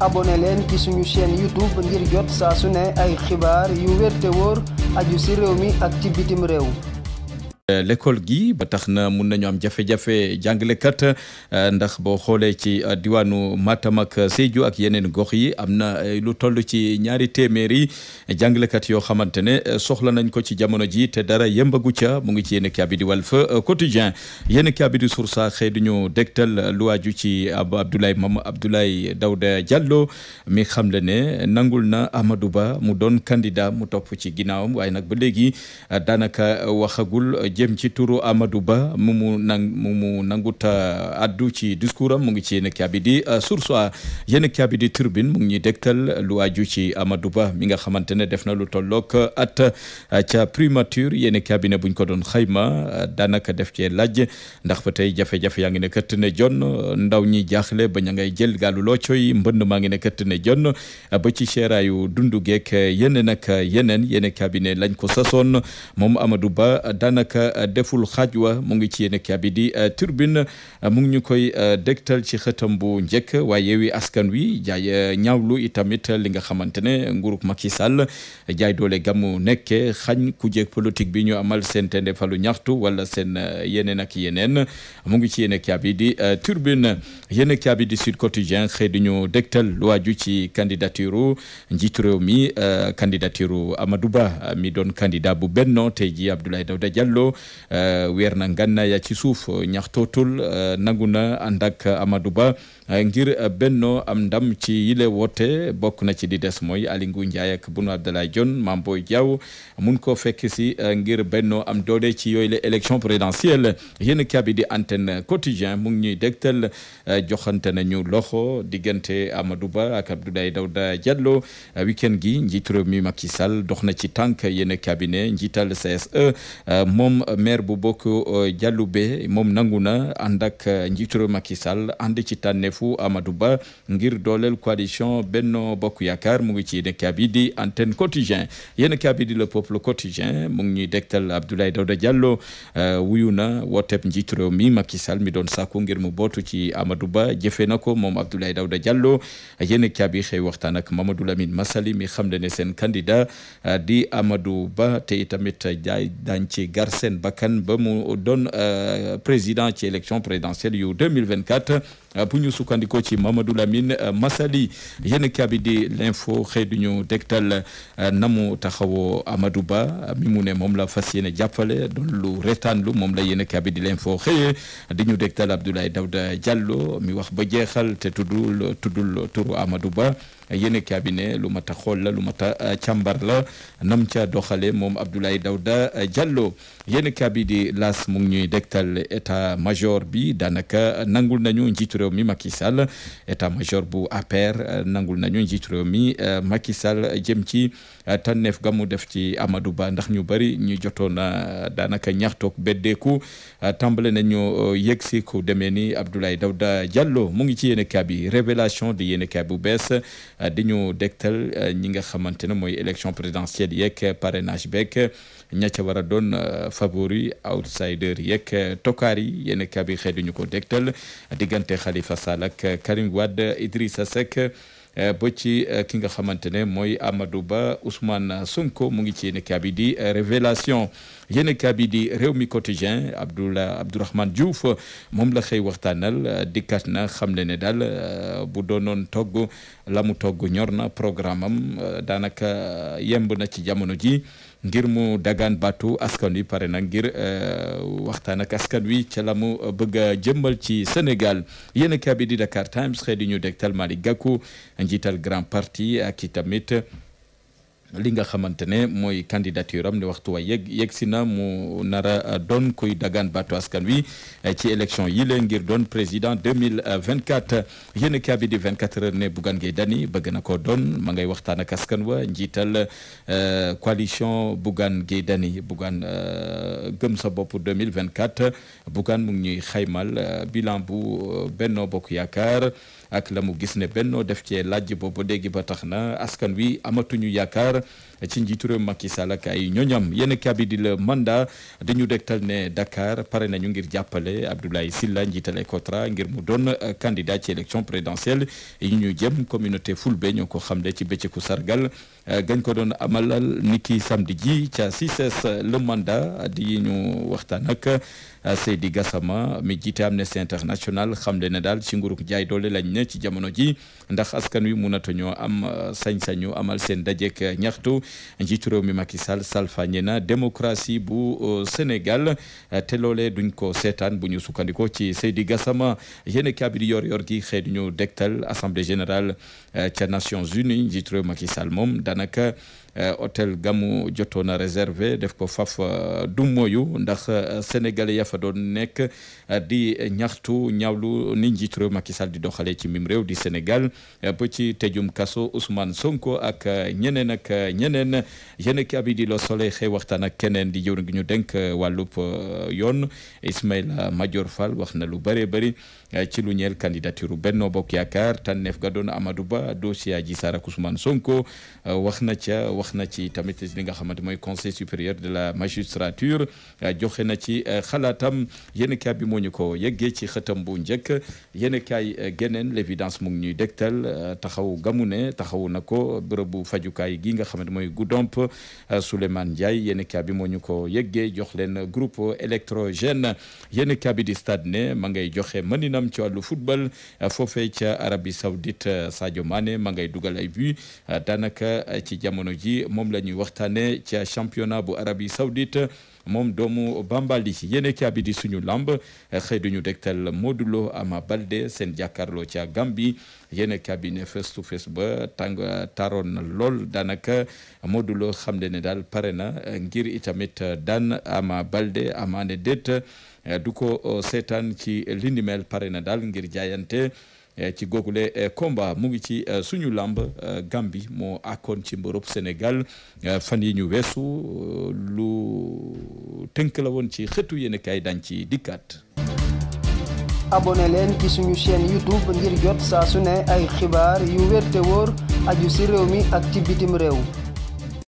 abone leen ki suñu chaîne YouTube ngir jot saa su ne ay xibaar yu wér woor wóor ci réew mi ak ci bitim réew Euh, l'école gi ba tax na mun nañu am jafe-jafe jàngalekat euh, ndax boo xoolee ci euh, diwaanu Matam ak Sédhiou ak yeneen gox yi am na lu toll ci ñaari téeméeri jàngalekat yoo xamante ne soxla nañ ko ci jamono ji te dara yëmbagu ca mu ngi ci yéen kaabidi Walf Quotidien yenn kaabidi Source A xëy duñu dégtal lu waaju ci Abdoulaye Mame Abdoulaye Daouda Diallo mi xam le ne nangul na Amadou Ba mu doon candidat mu topp ci ginnaawam waaye nag ba léegi daanaka waxagul jëm ci turu Amadou Ba mu mu nang mu mu nangut euh, addu ci discours am mu ngi ci yéen a kii di euh, source a yéen di turbine mu ngi ñuy dégtal lu aju ci Amadou Ba mi nga xamante ne def na lu tollook euh, at ca primature yéen a buñ ko doon xayma daanaka def cee laaj ndax ba tey jafe-jafe yaa ngi ne kët jon ndaw ñi jaaxle ba ña ngay jël gaalu loo cooy mbënd maa ngi ne kët jon ba ci seeraayu dundu geek yeneen ak yeneen yéen lañ ko sason moom Amadou Ba daanaka. daanaka euh, deful xaaj wa mu ngi ci yéen a bi di euh, turbine euh, mu ngi ñu koy dégtal ci xëtam bu njëkk waaye Askan Wi jaay ñaawlu itamit li nga xamante ne nguurug Macky Sall jaay doole gamu nekke xañ ku jeeg politique bi ñu amal seen tendefalu ñaxtu wala sen yeneen ak yeneen mu ngi ci yéen a bi di turbine yéen a bi di Sud Quotidien xëy di ñu dégtal lu waaju ci candidature njiitu réew mi candidature Amadou Ba bu Benno tey ji Abdoulaye Daouda Sonko eh, weer na ngànnaaya ci suuf eh, ñaxtootul eh, nangu na ànd ak Amadou Ba ngir benno am ndam ci yile woote bokk na ci di des mooy Aly Ngouille Ndiaye ak Boun Abdallah Dionne Mame Boye Diao mun ko fekk si ngir benno am doole ci yooyu la élection présidentielle yéen kabi di antenne quotidien mu ngi ñuy dégtal joxante nañu loxo diggante Amadou Ba ak Abdoulaye Daouda Diallo weekend gi njiitu réew mi Macky Sall dox na ci tànk yéen cabinet njiital CSE moom moom euh, maire bu bokk euh, be moom nangu na ànd ak euh, njiitu réew Macky Sall ànd ci fu Amadou Ba ngir dooleel coalition Benno Bokk Yaakaar mu ngi ci yéen a di antenne quotidien yéen a di le peuple quotidien mu ngi ñuy dégtal Abdoulaye Daouda Diallo wuyu na wooteeb njiitu réew mi Macky Sall mi doon sàkku ngir mu bootu ci Amadou Ba jëfee na ko moom Abdoulaye Daouda Diallo yéen a xëy waxtaan ak Mamadou Lamine Massali mi xam ne seen candidat di Amadou Ba te itamit jaay daañu ci seen bakkan ba mu doon euh, président ci élection présidentielle yu 2024 Euh, bu ñu sukkandikoo ci Mamadou Lamine euh, Massaly yéen kaabi di l'info xëy duñu dégtal euh, namu taxawoo Amadou Ba mi mu ne moom la fas yéene jàppale doon lu retaan lu moom la yéen kaabi di l'info xëye di ñu dégtal Abdoulaye Daouda Diallo mi wax ba jeexal te tuddul tuddul turu Amadou Ba yéen cabinet lu mat a xool la lu mat a càmbar la nam ca doxale moom Abdoulaye Daouda Diallo yéen cabinet di las mu ñuy dégtal état major bi daanaka nangul nañu njiitu réew mi Macky Sall état major bu APR nangul nañu njiit réew mi euh, Macky Sall jëm ci euh, tànneef ga mu def ci Amadou Ba ndax ñu bari ñu jotoon euh, daanaka ñaxtook beddeeku tàmbale nañu yegg si ku demee ni Abdoulaye Daouda Diallo mu ngi ci yéen a bi révélation di yéen a bu bees di ñu dégtal ñi nga xamante ne mooy élection présidentielle yeeg parrainage beeg ña ca war a doon favori outsider yeeg tokaar yi yéen a ñu ko dégtal diggante Khalifa Sall ak eh, Karim Wade Idrissa Seck eh, ba ci eh, ki nga xamante ne mooy Amadou Ba Ousmane Sonko mu ngi ci yéen kabi di révélation yéen kabi di réew mi quotidien Abdoula Abdourahmane Diouf moom la xëy waxtaanal dikkaat na xam ne ne daal bu doonoon togg la mu togg ñor na programme am daanaka yemb na ci jamono ji ngir mu dagaan baatu askan wi pare na ngir euh, waxtaan ak askan wi ca la mu euh, bëgg a jëmmal ci Sénégal yéen a kii di Dakar Times xëy di ñu dégtal Malick Gakou njiital Grand partie ak i tamit. li nga xamante ne mooy candidature am ne waxtu wa yegg yegg si na mu nara doon kuy dagaan baatu askan wi eh, ci élection yi leen ngir doon président 2024 yéen a kaabi di 24 heures ne Bougane Gueye Dany bëgg na koo doon ma ngay waxtaan ak wa njiital eh, coalition Bougane Gueye Dany Bougane eh, gëm sa bopp 2024 Bougane mu ngi ñuy xaymal bilan bu Benno Bokk Yaakaar ak la mu gis ne Benno def cee laaj boobu léegi ba tax na askan wi amatuñu yaakaar ci njiitu réew Macky Sall ak ay ñoñam yenn kabi di la mandat dañu dektal ne Dakar pare nañu ngir jàppale Abdoulaye Sylla njiital ECOTRA ngir mu doon euh, candidat ci élection présidentielle yi ñu jëm communauté Fulbe ñoo ko xamle ci bëccëgu sargal euh, gañ ko doon amalal niki samedi ji ca CICES le mandat di ñu waxtaan ak euh, di Gassama mi jiite Amnesty International xamle ne daal ci nguurug jaay doole lañ ne ci jamono ji ndax askan wi munatuñoo am sañ-sañu amal seen dajeek ñaxtu njiitu réew mi Macky Sall salfaañe na démocratie bu euh, Sénégal te loolee duñ ko seetaan bu ñu sukkandikoo ci Seydi Gassama yéen kabidi yor yor gi xëy ñu dektal assemblée générale euh, ca Nations Unies njiitu réew Macky moom danaka Euh, hôtel gamu jotoon na réservé def ko faf euh, du moyu ndax euh, sénégalais ya fa doon nekk di ñaxtu ñawlu ni njiit réew Macky di doxalee ci mim réew di Sénégal ba ci tëjum kaso Ousmane Sonko ak ñeneen ak ñeneen yéen ki abi di Le Soleil xëy waxtaan ak keneen di jëwriñ gi ñu dénk wàllub yoon Ismaïla Madior Fall wax na lu bëree bari Eh, ci lu ñeel candidature benn Bokk Yaakaar tànneef ga doon Amadou Ba dossier ji Sara Ousmane Sonko eh, wax na ca wax na ci tamit li nga xamante mooy conseil supérieur de la magistrature eh, joxe na ci xalaatam yéen kaay bi moo ñu ko yeggee ci xëtam bu njëkk yéen kaay geneen l'évidence mu ngi ñuy dégtal taxaw gamu ne taxaw na ko bërëbu fajukaay gi nga xamante mooy Goudomp Souleymane Ndiaye yéen kaay bi moo ñu ko yeggee jox leen groupe électrogène yéen kaay bi di stade ne ma ngay joxe mënina ndam ci wàllu football eh, foofee ca Arabie Saoudite eh, Sadio Mané ma ngay dugal ay but eh, daanaka ci jamono ji moom la ñuy waxtaane ca championnat bu Arabie Saoudite moom doomu Bambali yéene kaa bi suñu lamb xëy duñu degtal Modou Lo Ama Balde seen jàkkaarloo ci Gambie yéene kaa bi ne face to face ba tàng taroon na lool daanaka Modou Lo ne daal pare na ngir itamit daan Ama Balde Ama ne déet du ko euh, seetaan ci lindimel pare na daal ngir jaayante euh, ci googule euh, combat mu ngi ci suñu lamb Gambie moo akkoon ci mborop Sénégal fan yi ñu weesu tënk la woon ci xeetu xëtu yéenekaay dañ ci dikkaat. abone leen ci suñu chaîne YouTube ngir jot saa su ne ay xibaar yu wér woor wóor ci réew mi ak ci bitim réew.